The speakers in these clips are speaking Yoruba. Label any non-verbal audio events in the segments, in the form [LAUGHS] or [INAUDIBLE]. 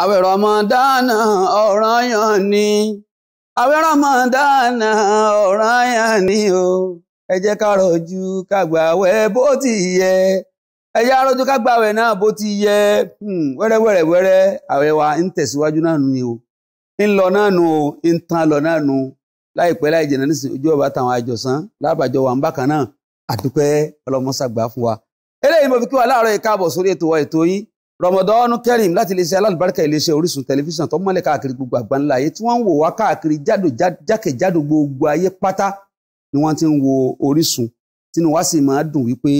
àwẹ̀ rọmọdánà ọ̀ranyàn ni àwẹ̀ ni o ẹ jẹ́ ká rọ̀jú ká gbàwẹ̀ bó ti yẹ ẹ jẹ́ àrọ́jú ká gbàwẹ̀ náà bó ti yẹ hmm, wẹ́rẹ́wẹ́rẹ́ wẹ́rẹ́ àwẹ̀ wa ń tẹ̀síwájú náà ni o ń lọ náà nu o ń tan lọ náà nu láìpẹ́ láì wa ń bákan náà àdúpẹ́ fún wa eléyìí mo fi kí wa láàárọ̀ sórí ètò rọmọdọ́nù kẹrin láti iléeṣẹ́ alábàárìkà iléeṣẹ́ orísun tẹlifíṣàn tó mọ́lẹ̀ káàkiri gbogbo àgbáńlá ayé tí wọ́n ń wò wá káàkiri jákèjádò gbogbo ayé pátá ni wọ́n ti ń wo orísun tínú wá sì máa dùn wípé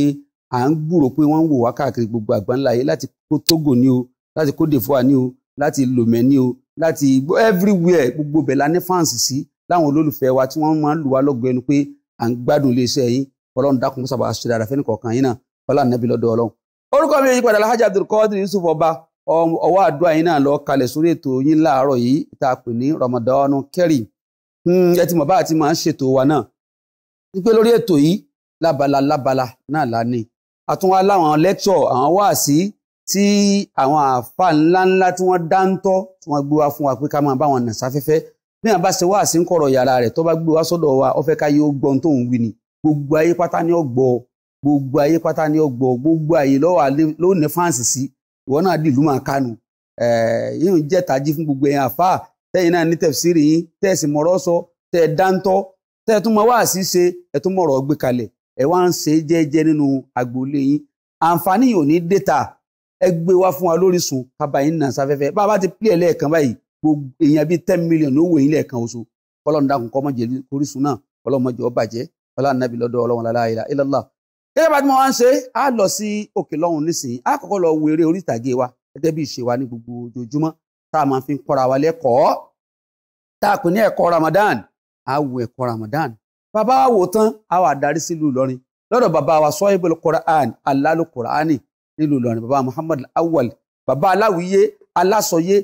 à ń gbúrò pé wọ́n ń wò wá káàkiri gbogbo àgbáńlá ayé láti kó Togo ní o láti kó defoa ní o láti lomé ní o láti everywhere gbogbo bẹ̀ la ní fáǹsì sí láwọn olólùfẹ́ wa tí wọ́n máa ń lù wá lọ́gọ ẹnu pé à ń gbádùn iléeṣẹ́ yín ọlọ́run dákun sábà ṣe dára fẹ́nìkọ̀ọ̀kan yín náà ọlá nàbí lọ́dọ̀ ọlọ́run orúkọ mi yìí padà Alhaji Abdulkadir Yusuf ọba ọwọ́ àdúrà yín náà lọ kalẹ̀ sórí ètò yín láàárọ̀ yìí tá a pè ní Ramadan Kareem hmm, ẹ ti mọ̀ bá àti máa ń ṣètò wa náà wípé lórí ètò yìí lábala lábala náà la ní àtúnwá láwọn lẹ́kṣọ̀ àwọn wáàsí tí àwọn àfa ńláńlá tí wọ́n dáńtọ́ tí wọ́n gbé wá fún wa pé ká máa bá wọn nà sáfẹ́fẹ́ bí wọn bá ṣe wáàsí ń kọ̀rọ̀ yàrá rẹ̀ tó bá gbé wá sọ́dọ̀ wa ó fẹ́ ká yóò gbọ́n tóun wí ni gbogbo ayé pátá ni ó gbọ́ ọ gbogbo ayé pátá ni ó gbogbo ayé lọ wà ní fáǹsì sí ìwọ náà dìlú máa kánu eh, yíyan jẹ́ tají fún gbogbo ẹ̀yàn àfáà tẹ́yìn náà ní tẹ̀síìrì yín tẹ̀sí mọ̀rọ̀ sọ tẹ̀ dáńtọ́ tẹ̀ tún mọ wáàsí ṣe ẹ̀ tún mọ̀rọ̀ gbé kalẹ̀ ẹ wá ń ṣe nínú agboolé yín àǹfààní yìí ní déta ẹ wá fún wa lórí sùn yín náà bá a bá ti báyìí gbogbo èèyàn bíi gẹ́gẹ́ bá tí mo wá ń ṣe á lọ sí òkè lọ́hùn nísìnyí á kọ́kọ́ lọ wo eré orí ìtàgé wa gẹ́gẹ́ bí ìṣe wa ní gbogbo ojoojúmọ́ tá a máa fi ń kọ́ra wa lẹ́kọ̀ọ́ tá a pè ní ẹ̀kọ́ Ramadan á wo ẹ̀kọ́ Ramadan bàbá wa wò tán á wà darí sílùú Ìlọrin lọ́dọ̀ bàbá wa Sohibul Qur'an alálò Qur'ani nílùú Ìlọrin bàbá Muhammad Awwal bàbá aláwìyé alásọyé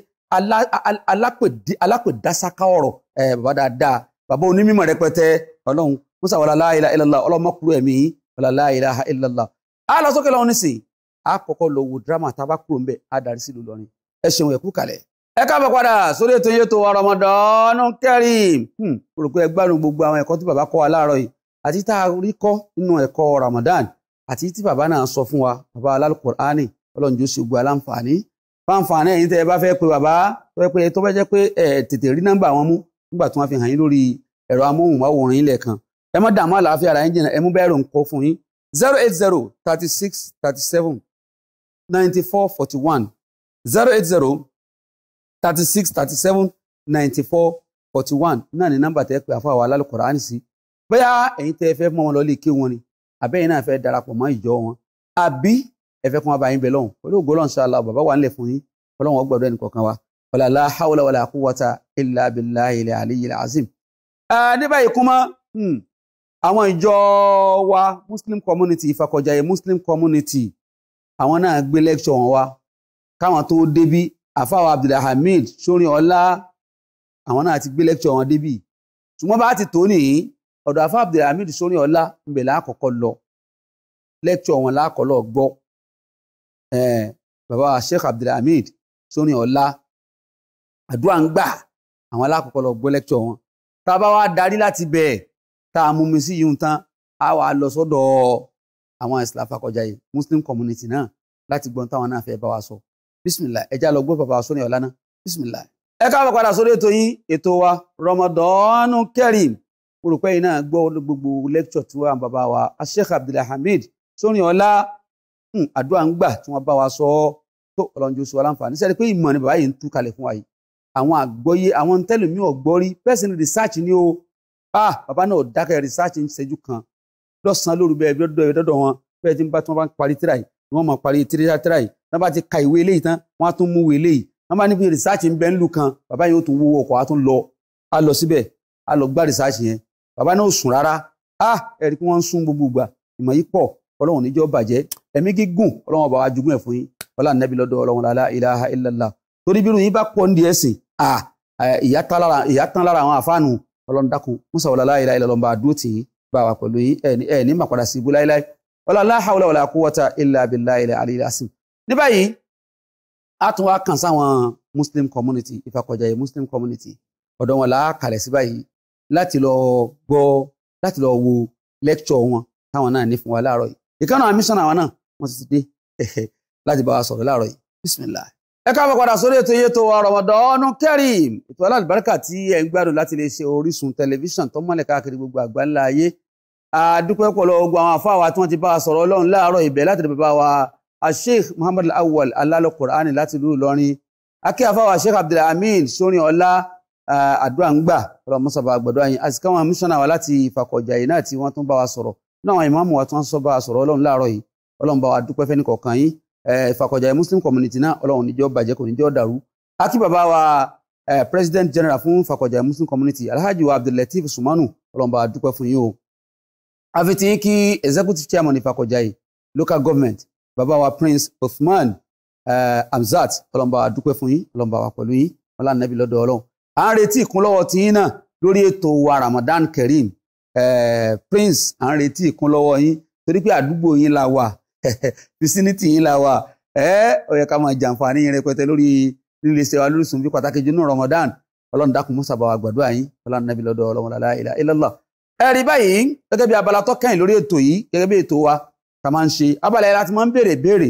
alápèdásaka ọ̀rọ̀ bàbá dáadáa bàbá onímọ̀ rẹpẹtẹ ọlọ́run musa wàlá láìla ìlàlá ọlọ́mọkùnrin ẹ̀mí ọ̀làlá ilaha illallah á lọ sókè lọ́wọ́ nísìnyí á kọ́kọ́ lọ wo dírámà tá a bá kúrò ńbẹ̀ á darí sílùú lọ́rin ẹ ṣeun ẹ̀kú kalẹ̀ ẹ káàbọ̀ padà sórí ètò yìí tó wa Ramadan Kareem hmm, mo rò pé ẹ gbádùn gbogbo àwọn ẹ̀kọ́ tí bàbá kọ́ wa láàárọ̀ yìí àti tá a rí kọ́ nínú ẹ̀kọ́ Ramadan àti tí bàbá náà sọ fún wa bàbá alálùkùránì ọlọ́run jù sí gbogbo aláǹfààní fáǹfààní ẹ̀yin tẹ́ ẹ bá fẹ́ pe bàbá tó fẹ́ pe tó fẹ́ jẹ́ pé ẹ tètè rí nọ́mbà wọn mú nígbà tí wọ́n fi hàn yín lórí ẹ̀rọ amóhùnmáwòrán yín lẹ́ẹ̀kan ẹ má dààmú àlàáfíà ara yín jìnnà ẹ mú bẹ́ẹ̀ rò ń kó fún yín zero eight zero thirty six thirty seven ninety four forty one zero eight zero thirty six thirty seven ninety four forty one náà ni nọ́mbà tẹ́ pé àfọ àwọn alálùkọ̀rọ̀ á ní sí bóyá ẹ̀yin tẹ́ ẹ fẹ́ mọ́ wọn lọ lè ké wọn ni àbẹ́yìn náà fẹ́ darapọ̀ mọ́ ìjọ wọn àbí ẹ fẹ́ kún wa bá yín bẹ̀ lọ́hùn pẹ̀lú ògo Ọlọ́run ṣáàlà bàbá wa ńlẹ̀ fún yín Ọlọ́run ọgbọ̀dọ̀ ẹnì kọ̀ọ̀kan wa wàlá la hawla wàlá quwwata illa billahi al-aliyyil azim. ní báyìí kúmọ́ hmm àwọn ìjọ wa muslim community ìfakọ̀jayé muslim community àwọn náà gbé lecture wọn wá káwọn tó débí àfáwọn abdulhamid sórin ọlá àwọn náà ti gbé lecture wọn débí ṣùgbọ́n bá ti tó nìyí ọ̀dọ̀ àfáwọn abdulhamid sórin ọlá ńbẹ̀ lákọ̀ọ́kọ́ lọ lecture wọn lákọ̀ọ́lọ́ gbọ́ bàbá wa sheikh abdulhamid sórin ọlá àdúrà ń gbà àwọn alákọ̀ọ́kọ́ lọ gbọ́ lecture wọn tá a darí láti bẹ̀ẹ́ tá a mumi sí yìí tán a wà lọ sọ́dọ̀ àwọn Islam fakọjá yìí Muslim community náà láti gbọ́n táwọn náà fẹ́ bá wa sọ bisimilah ẹja lọ gbọ́ bàbá wa sọ́ni ọ̀la náà bisimilah. ẹ káàbọ̀ padà sórí ètò yín ètò wa Ramadan Kareem olùpẹ́ yìí náà gbọ́ gbogbo lecture tí wọ́n bàbá wa Sheikh Abdulhamid sọ́ni ọ̀la hmm, àdúrà ń gbà tí wọ́n bá wa sọ ọ́ tó ọlọ́njú sọ aláǹfààní sẹ́ni pé ìmọ̀ ni bàbá yìí ń tú kalẹ̀ fún wa yìí àwọn àgbọ́yé àwọn tẹ́lẹ̀mí ọ̀gbọ́rí pẹ́sìn research ni ah bàbá náà dákẹ́ research ń ṣẹ́jú kan lọ́sàn-án lóru bẹ́ẹ̀ bí ọdọ ìdọ́dọ̀ wọn bẹ́ẹ̀ tí bá tí wọ́n bá ń parí tíra yìí ni wọ́n máa parí tíra yìí tí wọ́n bá ti ka ìwé eléyìí tán wọ́n á tún mú ìwé eléyìí wọ́n bá níbi research ń bẹ ń lù kan bàbá yìí ó tún wúwo ọkọ̀ á tún lọ á lọ síbẹ̀ á lọ gbá research yẹn ah ẹ̀rí kí wọ́n ń sún gbogbo ìgbà ìmọ̀ yìí pọ̀ ọlọ́run níjọ́ bàjẹ́ ẹ̀mí gígùn ọlọ́run bá wa jogún ẹ̀ fún yín ọlá nàbí illallah torí bí irun yín bá pọ̀ ní ẹ̀sìn ah ìyá tán lára àwọn àfáànù ọlọ́run dákun musa wàlá láàyè láàyè lọ́nba àdúró tì í bá wa pẹ̀lú yìí ẹ̀ ní ẹ̀ ní màpadà sí ibú láíláí ọlá aláhàwọlá wàlá quwwata illa billahi aliyil asim. ní báyìí a tún wá kàn sáwọn muslim community ìfakọ̀jayé muslim community ọ̀dọ̀ wọn là á kalẹ̀ sí báyìí láti lọ gbọ́ láti lọ wo lecture wọn táwọn náà ní fún wa láàárọ̀ yìí ìkànnà mísọ̀nà àwọn náà wọ́n ti ti dé [LAUGHS] láti bá wa sọ̀rọ̀ láàárọ̀ yìí bismillah ẹ káàbọ̀ padà sórí ètò iye tó wa Ramadan Kareem ètò alábàárìkà tí ẹ ń gbádùn láti lè ṣe Orísun tẹlifíṣàn tó mọ́lẹ̀ káàkiri gbogbo àgbáńlá ayé àdúpẹ́ pọ̀lọ́ ogun àwọn àfáà wa tí wọ́n ti bá wa sọ̀rọ̀ ọlọ́run láàárọ̀ ibẹ̀ láti lè bá wa Sheikh Muhammad Awal, Alalo Qur'ani láti lù lọ́rin akẹ́ àfáà wa Sheikh Abdulhamid sórin ọlá àdúrà ń gbà ọlọmọsọba àgbọ̀dọ̀ ayin àti káwọn mísọ̀nà wa láti Ìfàkọ̀jà yìí náà tí wọ́n tún bá wa sọ̀rọ̀ náà àwọn ìmáàmù wa tí wọ́n sọ bá ìfàkọ̀jà muslim community náà ọlọ́run níjọ́ bàjẹ́ kò níjọ́ dàrú àti bàbá wa president general fún ìfàkọ̀jà muslim community alhaji wa abdullateef sumanu ọlọ́run bá dúpẹ́ fún yín o àfitì kí executive chairman ìfàkọ̀jà yìí local government bàbá wa prince othman amzat ọlọ́run bá dúpẹ́ fún yín ọlọ́run bá wà pẹ̀lú yín ọlá nàbí lọ́dọ̀ ọlọ́run à ń retí ìkúnlọ́wọ́ tí yín náà lórí ètò wa ramadan kareem prince à ń retí ìkúnlọ́wọ́ yín torí pé àdúgbò yín la wà [LAUGHS] vicinity yìí la wà ẹ ó yẹ ká máa jàǹfààní yẹn rẹpẹtẹ lórí líle ṣe wa lórí sùn bí pàtàkì jùlọ Ramadan ọlọ́run dákun musa bá wa gbàdúrà yín ọlọ́run nàbí lọ́dọ̀ ọlọ́run lálá ilà ilọ́lá ẹ rí báyìí gẹ́gẹ́ bí abala tó kẹ́yìn lórí ètò yìí gẹ́gẹ́ bí ètò wa ká máa ń ṣe abala yìí láti máa ń béèrè béèrè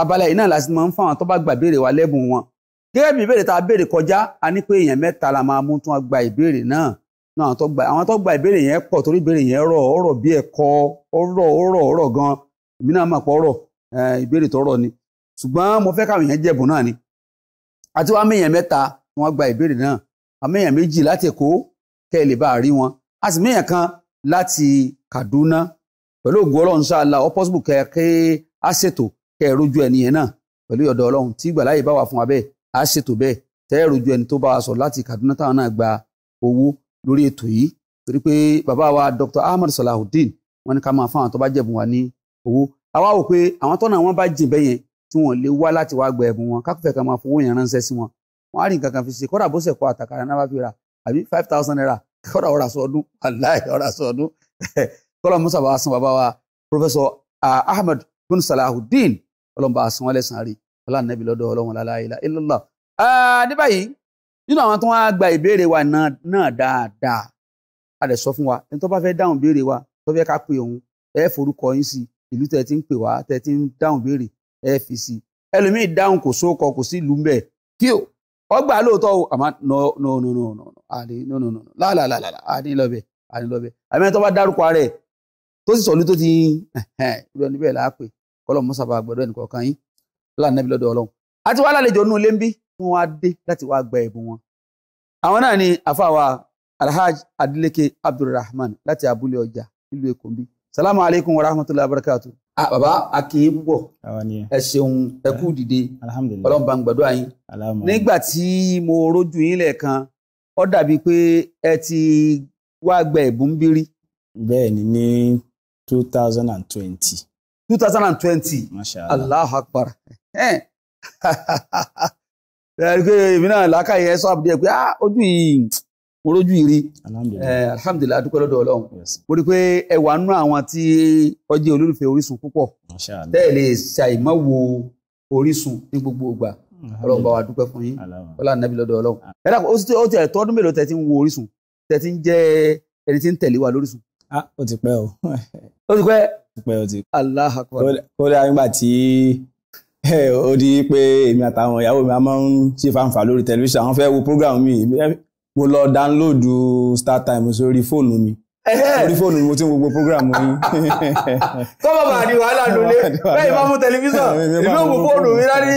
abala yìí náà láti máa ń fáwọn tó bá gbà béèrè wa lẹ́bùn wọn gẹ́gẹ́ bí ìbéèrè tá a béèrè kọjá a ní pé èèyàn mẹ́ta la máa mú tún gba ìbéèrè náà àwọn tó ìbéèrè yẹn pọ̀ torí ìbéèrè yẹn rọ̀ ọ̀rọ̀ bí ẹ̀kọ́ ọ̀rọ̀ ọ̀rọ̀ ọ̀rọ̀ gan èmi náà mà pọ̀ ọ̀rọ̀ eh, ìbéèrè tọrọ ni ṣùgbọ́n mo fẹ́ káwọn èèyàn jẹ̀bùn náà ni àti wàá méèyàn mẹ́ta wọ́n gba ìbéèrè náà àméèyàn méjì láti Èkó kẹ́ ẹ lè bá a rí wọn a sì méèyàn kan láti Kaduna pẹ̀lú ògùn Ọlọ́run ṣáàlà ọ possible kẹ́ kẹ́ á ṣètò kẹ́ ẹ rojú ẹni yẹn náà pẹ̀lú ọ̀dọ̀ Ọlọ́run tí ìgbàláyè bá wà fún wa bẹ́ẹ̀ á ṣètò bẹ́ẹ̀ tẹ́ ẹ Kaduna táwọn náà gba owó lórí ètò yìí wa Dr. Ahmed Salahudeen wọ́n ní ká máa owó àwa wò pé àwọn tọ́nà wọn bá jìn bẹ́yẹn tí wọ́n lè wá láti wá gba ẹ̀bùn wọn kákúfẹ́ kan máa fowó yẹn ránṣẹ́ sí wọn wọ́n á rí nǹkan fi ṣe kọ́dà bó ṣe kọ́ àtàkàrà náà bá fi rà àbí five thousand naira kọ́dà ọ̀rà sọ ọdún aláì ọ̀rà sọ ọdún [LAUGHS] kọ́dà musa bá wa bàbá wa professor ah, ahmed bin salahudeen ọlọ́mọba san wọn lẹ́sàn-án rí ọlọ́nàbí lọ́dọ̀ ọlọ́wọ́n láláìlá ilọ́lá. ní báyìí nínú àwọn tó wá gba ìbéèrè wa náà dáadáa a lè sọ fún wa ẹni tó bá fẹ́ dáhùn ìbéèrè ẹ forúkọ yín sí i ìlú tẹ́ ti ń pè wá tẹ́ ti ń dáhùn béèrè ẹ fi sí i ẹlòmíì dáhùn kò sókọ kò sí ìlú mbẹ kí o ọgbà lóòótọ́ o àmọ́ no no no no no àní no no no láàlàlàlà àní lọbẹ àní lọbẹ àmì ẹni tó bá dárúkọ rẹ̀ tó sì sọlú tó ti ìlú ẹni bẹ́ẹ̀ láàpẹ kọlọ mọ sábà gbọ́dọ̀ ẹnì kọ̀ọ̀kan yín lánàá bí lọ́dọ̀ Ọlọ́run àti wàá lálejò nínú ilé ń bí wọn wá dé láti wá gba ẹ̀bùn wọn àwọn náà ni àfàwà alhaji adeleke abdulrahman láti abúlé ọjà nílùú èkó ń salamu alaikum wa rahmatullahi wa barakatu. a ah, baba a kì í ẹ ṣeun ẹ kú dìde ọlọ́run bá ń gbàdúrà yín. nígbà tí ti wá ní two thousand and twenty. two thousand and twenty. allah akbar. [LAUGHS] ẹ rí i pé èmi náà mo rójú ìrí alhamdulilayi eh, adúpẹ́ lọ́dọ̀ ọlọ́run mo rí i pé ẹ wà nínú àwọn tí ó jẹ́ olólùfẹ́ orísun púpọ̀ tẹ́lẹ̀ ṣàìmọ́ wo orísun ní gbogbo ìgbà ọlọ́run bá wa dúpẹ́ fún yín ọlá nàbí lọ́dọ̀ ọlọ́run ah. ẹ dàpọ̀ ó ti ẹ̀tọ́ ọdún mélòó tẹ́ ti ń wo orísun tẹ́ ti ń jẹ́ ẹni tí ń tẹ̀lé wa lórísun. Ah, ó ti pẹ́ o. ó ti pẹ́. ó ti pẹ́ o ti. Allahu Akbar. kódà eh, di pé èmi àtàwọn ìyàwó mi a máa ń ṣe fàǹfà lórí tẹlifíṣàn àwọn fẹ́ wo program mi mo lọ download startime sórí fóònù mi orí fóònù mi mo ti ń gbogbo programu yín. [LAUGHS] kọ́ bàbá àdì wàhálà lólé bẹ́ẹ̀ máa mú tẹlifíṣàn ìlú òkú fóònù mi lárí.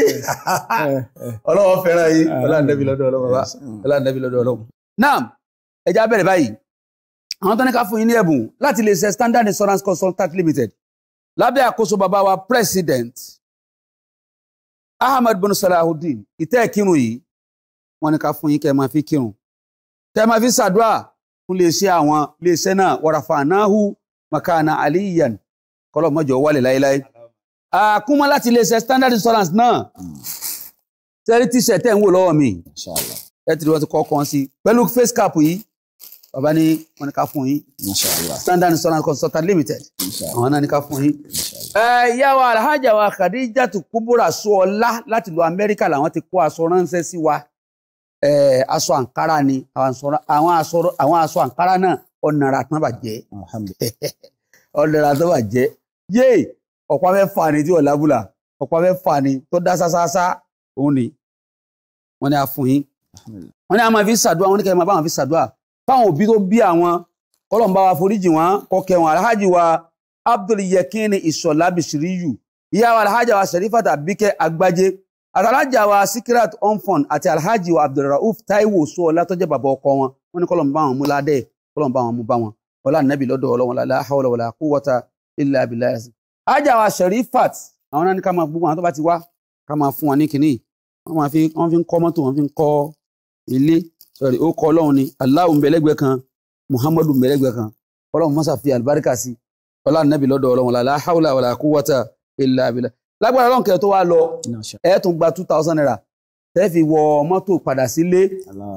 [LAUGHS] ọlọ́wọ́ fẹ́ràn yìí ọlọ́ọ̀dẹ́bí lọ́dọ̀ ọlọ́wọ́ bá mm. ọlọ́ọ̀dẹ́bí lọ́dọ̀ ọlọ́wọ́. náà ẹja bẹ̀rẹ̀ báyìí àwọn tó ní ká fún yín ní ẹ̀bùn láti lè ṣe standard insurance consultant limited lábẹ́ àkóso bàbá wa president ahmed bin salahudeen ìtẹ́ ìkírun yìí wọ́n ní ká fún yín kẹ́ máa fi kírun tẹ́ máa fi ṣàdúrà fún iléeṣẹ́ àwọn iléeṣẹ́ náà wàràfà náà hu makana aliyan kọlọ́mọjọ wálẹ̀ láéláé. àkúmọ́ láti iléeṣẹ́ standard insurance náà tẹ́rí tíṣẹ̀ tẹ́ ń wò lọ́wọ́ mi ẹ ti rí wọn ti kọ́ kan sí pẹ̀lú face cap yìí bàbá ní wọn ní ká fún yín standard insurance consultant limited àwọn náà ní ká fún yín. ìyá wa alhaja wa Khadijatu Kubura Suola láti lu Amẹ́ríkà làwọn ti kó aṣọ ránṣẹ́ sí wa. Eh, aṣọ àǹkárá ni àwọn aṣọ àǹkárá náà ọ̀nàrà tán bàjẹ́ ọ̀nàrà tán bàjẹ́ yéè ọ̀pá mẹ́fà ni tí wọ́n lábùlà ọ̀pá mẹ́fà ni tó dá sásásá òun ni wọ́n ní afun yín wọ́n ní àwọn máa fi ṣàdúrà wọ́n ní kẹ́kẹ́ máa bá wọn fi ṣàdúrà fáwọn òbí tó bí àwọn kọ́lọ̀mbá wa foríjì wọn kọ́kẹ́ wọn alhaji wa Abdul Yekini Ìṣọ̀lá Bishiriyu ìyá wa alhaji wa Sherifat Abike Agbaje àtàlájà wa sikirat onfon àti alhaji wa abdulrauf taiwo sọọlá tó jẹ́ bàbá ọkọ wọn wọ́n ní kọlọm bá wọn mú ládẹ kọlọm bá wọn mú bá wọn ọlá nàbì lọ́dọ̀ ọlọwọn làlá hawla wàlá quwwata illa billah àjà wa sherifat àwọn náà ní ká máa gbogbo àwọn tó bá ti wá ká máa fún wọn ní kinní wọ́n máa fi wọ́n fi ń kọ́ mọ́tò wọ́n fi ń kọ́ ilé sọrí ó kọ Ọlọ́run ni Allahu mbẹlẹgbẹ kan Muhammadu mbẹlẹgbẹ kan Ọlọ́run mọsàfi alibarika sí ọlá nàbì lọ́dọ̀ ọlọwọn làlá hawla wàlá quwwata illa billah lágbára ọlọ́run kẹ́ tó wá lọ ẹ̀ tún gba two thousand naira tẹ́ fi wọ mọ́tò padà sílé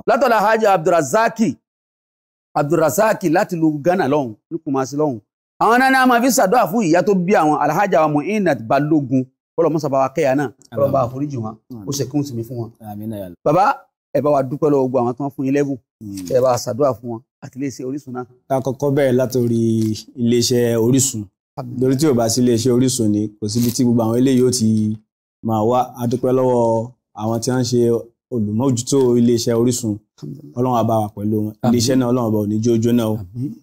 látọ̀dá hajj abdulrasaki abdulrasaki láti lu ghana lọ́hùn ní Kumasi lọ́hùn àwọn náà ní a máa fi ṣàdúrà fún ìyá tó bí àwọn alhaja wa Muinat Balógun bọ́lọ̀ mọ́sàbá wa kẹ́yà náà bọ́lọ̀ bá àforíjì wọn ó ṣe kí n sinmi fún wọn. bàbá ẹ bá wa dúpẹ́ lọ́wọ́ gbogbo àwọn tí wọ́n fún yín lẹ́bùn hmm. ẹ bá wa ṣàdúrà fún wọn àti iléeṣẹ́ Orísun náà. ká kọ́kọ́ bẹ̀rẹ̀ látòrí iléeṣẹ́ Orísun lórí tí ò bá sí iléeṣẹ́ Orísun ni kò síbi tí gbogbo àwọn eléyìí ó ti máa wá a dúpẹ́ lọ́wọ́ àwọn tí wọ́n ń ṣe olùmójútó iléeṣẹ́ Orísun Ọlọ́run àbá wa pẹ̀lú wọn iléeṣẹ́ náà Ọlọ́run àbá òní jójó náà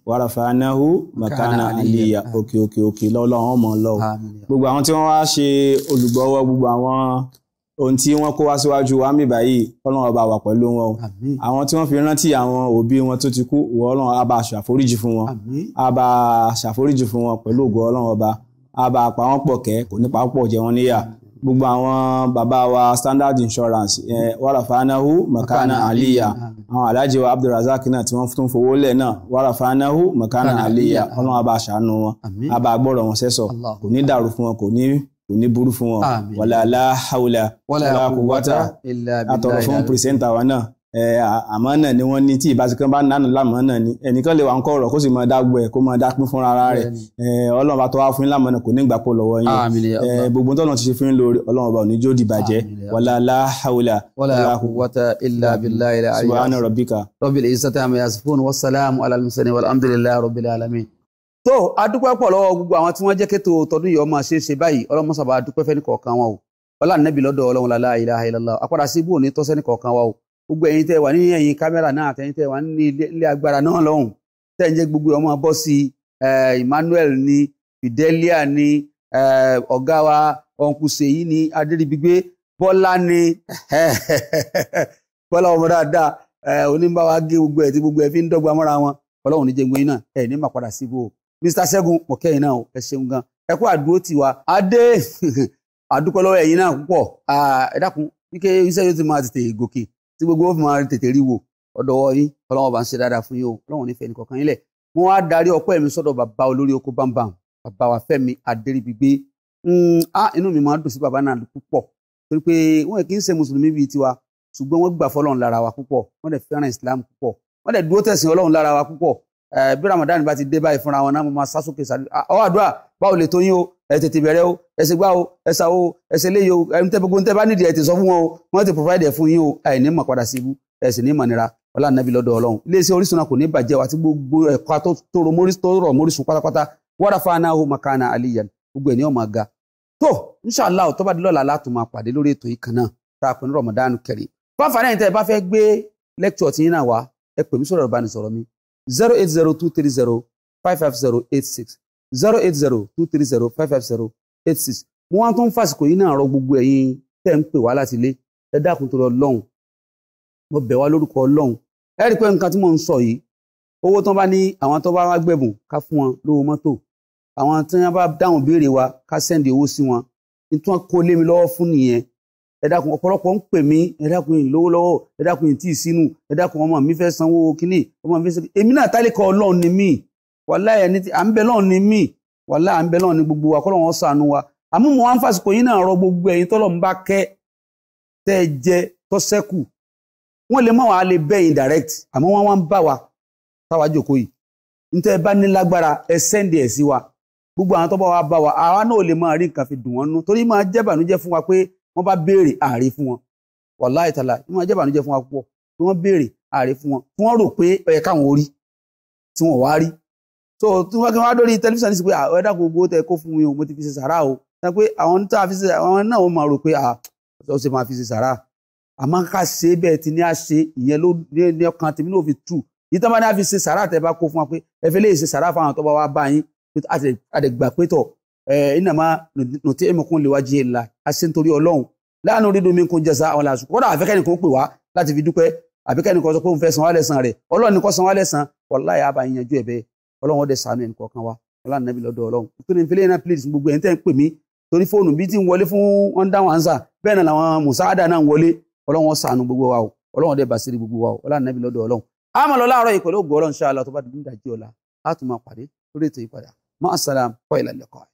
wàràfà anáhu makana aliya òkè òkè òkè lọ́wọ́lọ́wọ́ ọmọ ọlọ́wọ́ gbogbo àwọn tí wọ́n wá ṣe olùgbọ́wọ́ gbogbo àwọn ohun tí wọ́n kó wá síwájú wa mí báyìí Ọlọ́run ọba wà pẹ̀lú wọn o àwọn tí wọ́n fi rántí àwọn òbí wọn tó ti kú wọ Ọlọ́run á bá ṣàforíjì fún wọn á bá ṣàforíjì fún wọn pẹ̀lú ògo Ọlọ́run ọba á bá pa wọ́n pọ̀ kẹ́ kò ní pa pọ̀ jẹ wọ́n níyà gbogbo àwọn bàbá wa Standard Insurance ẹ wàràfàánáhù makana aliya àwọn aláàjì wa Abdulrasaq náà tí wọ́n tún fowó lẹ̀ náà wàràfàánáhù makana aliya Ọlọ́run á bá ṣàánú wọn á bá gbọ́rọ̀ wọn sẹ́sọ̀ kò ní dàrú fún wọn kò ní kò ní burú fún wọn wàlá aláhàwùlà aláàkúwátà àtọ̀rọ̀ fún pìrìsẹ́ńtà wa náà àmọ́ náà ni wọ́n ní tí ìbáṣekán bá nánà lámọ́ náà ni ẹnìkan lè wà ń kọ́ ọ̀rọ̀ kó sì máa dágbọ́ ẹ̀ kó máa dápín fúnra ara rẹ̀ ọlọ́run bá tọ́ wá fún lámọ́ náà kò ní gbà pọ̀ lọ́wọ́ yín gbogbo tọ́nà ti ṣe fún lórí ọlọ́run bá òní jó dìbàjẹ́ wàlá aláhàwùlà aláàkúwátà ilà abilà ilà àríyá subhana to adúpẹ́ pọ̀ lọ́wọ́ gbogbo àwọn tí wọ́n jẹ́ kéto tọdún yìí ọmọ ṣe é ṣe báyìí ọlọ́mọṣà bá adúpẹ́ fẹ́ nìkọ̀ọ̀kan wa o ọlá nẹ́bí lọ́dọ̀ ọlọ́run lálá ilaha illallah apáda sí tọ́sẹ́ wa o gbogbo ẹ̀yin tẹ́ wà ní ẹ̀yìn kámẹ́rà náà àtẹ̀yin tẹ́ wà ní ilé agbára gbogbo ọmọ bọ́ Emmanuel ní Fidelia ní ọ̀gá wa ọ̀nkùsè yìí ní adéríbigbé bọ́lá ní [LAUGHS] bọ́lá ọmọ dáadáa onímbàwá gé gbogbo ẹ̀ tí gbogbo ẹ̀ fi ń Mr Segun mọ̀kẹ́yìn náà ẹ ṣeun gan ẹ kú àdúró tì wá adé àdúpẹ́ [LAUGHS] lọ́wọ́ ẹ̀yin náà púpọ̀ ẹ dákun wíkẹ́ iṣẹ́ yóò ti máa tètè gòkè tí gbogbo fi máa tètè rí wò ọ̀dọ̀wọ́ yín ọlọ́wọ́n bá ń ṣe dáadáa fún yín o ọlọ́wọ́n nífẹ̀ẹ́ nìkọ̀ọ̀kan yín lẹ̀ wọ́n á darí ọpẹ́ mi sọ́dọ̀ bàbá olórí oko bámbàm bàbá wa Fẹ́mi Adéríbigbé hmm, inú mi máa ń dùn sí bàbá náà púpọ̀ torí pé wọ́n kì í ṣe mùsùlùmí bíi ṣùgbọ́n wọ́n gbà fọlọ́run lára wa púpọ̀ wọ́n dẹ̀ fẹ́ràn Islam púpọ̀ wọ́n dẹ̀ dúró tẹ̀sìn Ọlọ́run lára wa púpọ̀ bí Ramadan bá ti dé báyìí fúnra wọn náà mo máa sá sókè sáré ọwọ́ àdúrà báwo lè tó yín o ẹ tètè bẹ̀rẹ̀ o ẹ ṣe gbá o ẹ ṣà o ẹ ṣe léyìí o ẹni tẹ́ gbogbo ń tẹ́ bá nídìí ẹ ti sọ fún wọn o wọ́n ti provide ẹ̀ fún yín o àìní mọ̀ padà sí ibú ẹ sì ní mọ̀ nira ọlá nàbí lọ́dọ̀ ọlọ́run iléeṣẹ́ Orísun náà kò ní bàjẹ́ àti gbogbo ẹ̀ka tó rọ mórísun pátápátá wọ́dà fáná ahó makana aliyan gbogbo ẹ̀ ní ọmọ ga tó inṣàlá tó bá dé lọ́la láti máa pàdé lórí ètò yìí kan náà tá a pè ní Ramadan Kareem fáfáà náà tẹ́ ẹ bá fẹ́ gbé lẹ́kítọ̀ tí yín náà wá ẹ pè mí sọ̀rọ̀ ìbánisọ̀rọ̀ mi 08023055086 08023055086 mo wá tó ń fàsìkò yìí náà rọ gbogbo ẹ̀yin tẹ́ ń pè wá láti ilé ẹ dákun tó lọ lọ́hùn mo bẹ̀ wá lórúkọ Ọlọ́hun ẹ rí i pé nǹkan tí mò ń sọ yìí owó tán bá ní àwọn tó bá wá gbẹ̀bùn ká fún wọn lówó mọ́tò àwọn tí wọ́n bá dáhùn béèrè wa ká sẹ́ndì owó sí wọn nítorí kó lé mi lọ́wọ́ fún nìyẹn ẹ dákun ọ̀pọ̀lọpọ̀ ń pè mí ẹ yìí lówó lọ́wọ́ yìí tí ì sínú ẹ ọmọ mi fẹ́ sanwó kínní ọmọ mi fẹ́ sanwó èmi náà ọlọ́run ni mí à ni mí à ń ni gbogbo wa wọn wa gbogbo ẹ̀yin bá kẹ́ tẹ́ jẹ wọ́n lè wa táwa jòkó yìí nítorí ẹ bá ní lágbára ẹ wa gbogbo àwọn tó bá wa bá wa àwa náà lè máa rí nǹkan fi dùn wọ́n wọ́n bá béèrè ààrẹ fún wọn wàláì tàlà ìmọ̀ ẹjẹ́ ìbànújẹ́ fún wa púpọ̀ tí wọ́n béèrè ààrẹ fún wọn tí wọ́n rò pé ó káwọn orí tí wọ́n wá rí so tí wọ́n kí wọ́n á dórí tẹlifíṣàn ní sí pé àwọn ẹ̀dá gbogbo tẹ kó fún mi o mo ti fi ṣe sàrà o tẹ pé àwọn tá a fi ṣe àwọn náà wọ́n máa rò pé ó ṣe máa fi ṣe sàrà àmọ́ ká ṣe bẹ́ẹ̀ ti ní à ṣe ìyẹn ló ní ọkàn tèmi náà fi tù yìí tán bá ní ìnàmá nùtí ìmọ̀kún lè wájú ìlà àṣẹ nítorí ọlọ́run láàánú rí domi kún jẹsà àwọn làásù kódà àfikẹ́ni kò pè wá láti fi dúpẹ́ àfikẹ́ni kò sọ pé òun fẹ́ san wá lẹ́san rẹ̀ ọlọ́run kò san wá lẹ́san wàláhì àbá ìyànjú ẹ̀bẹ̀ ọlọ́run ọdẹ sànú ẹnì kọ̀ọ̀kan wa ọlọ́run nàbí lọ́dọ̀ ọlọ́run ìpínlẹ̀ ìfẹ́lẹ́ náà please gbogbo ẹ̀ ń tẹ́ ń pè mí torí fóònù bí ti ń wọlé fún wọn dáhùn ansa bẹ́ẹ̀ náà làwọn mùsáàdà náà ń wọlé ọlọ́run sànú gbogbo wa o ọlọ́run ọdẹ bàṣírí gbogbo wa o ọlọ́run nàbí lọ́dọ̀ ọlọ́run àmọ́ lọ láàárọ̀ ìpẹ̀lú ògbó ọlọ́run ṣáà lọ tó bá dùn dájú ọ̀la á tún máa pàdé lórí ètò ìpadà máa sàlám kọ́ ìlàlẹ́kọ̀ọ́